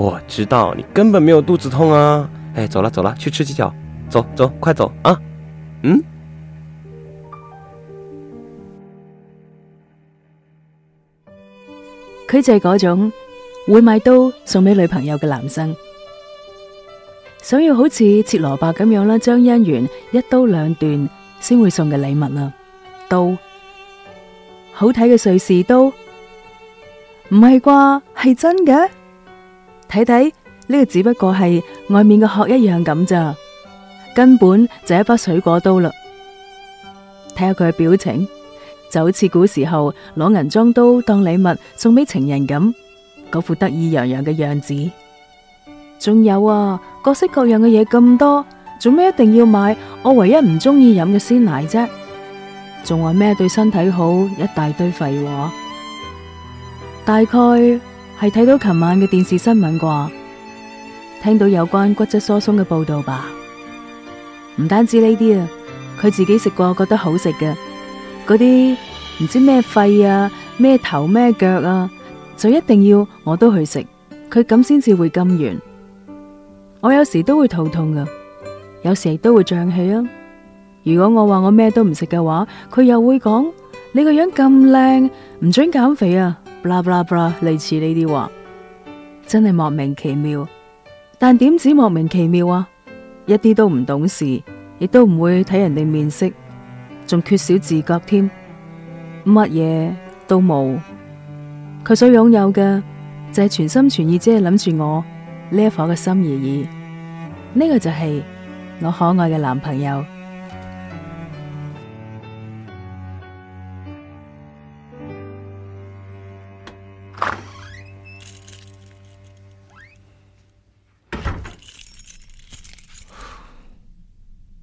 我、哦、知道你根本沒有肚子痛啊！哎，走啦，走啦，去吃雞腳，走走，快走啊！嗯，佢就係嗰種會買刀送俾女朋友嘅男生，想要好似切蘿蔔咁樣啦，將姻緣一刀兩斷先會送嘅禮物啊。刀，好睇嘅瑞士刀，唔係啩？係真嘅？睇睇呢個只不過係外面嘅殼一樣咁咋，根本就係一把水果刀嘞。睇下佢嘅表情，就好似古時候攞銀裝刀當禮物送俾情人咁，嗰副得意洋洋嘅樣子。仲有啊，各式各樣嘅嘢咁多，做咩一定要買我唯一唔中意飲嘅鮮奶啫？仲話咩對身體好，一大堆廢話。大概。係睇到琴晚嘅電視新聞啩，聽到有關骨質疏鬆嘅報道吧？唔單止呢啲啊，佢自己食過覺得好食嘅嗰啲唔知咩肺啊咩頭咩腳啊，就一定要我都去食，佢咁先至會咁圓。我有時都會肚痛噶，有時都會脹氣啊。如果我話我咩都唔食嘅話，佢又會講，你個樣咁靚，唔准減肥啊！bla bla bla 類似呢啲話，真係莫名其妙。但點止莫名其妙啊？一啲都唔懂事，亦都唔會睇人哋面色，仲缺少自覺添，乜嘢都冇。佢所擁有嘅就係、是、全心全意只想，只係諗住我呢一顆嘅心而已。呢、這個就係我可愛嘅男朋友。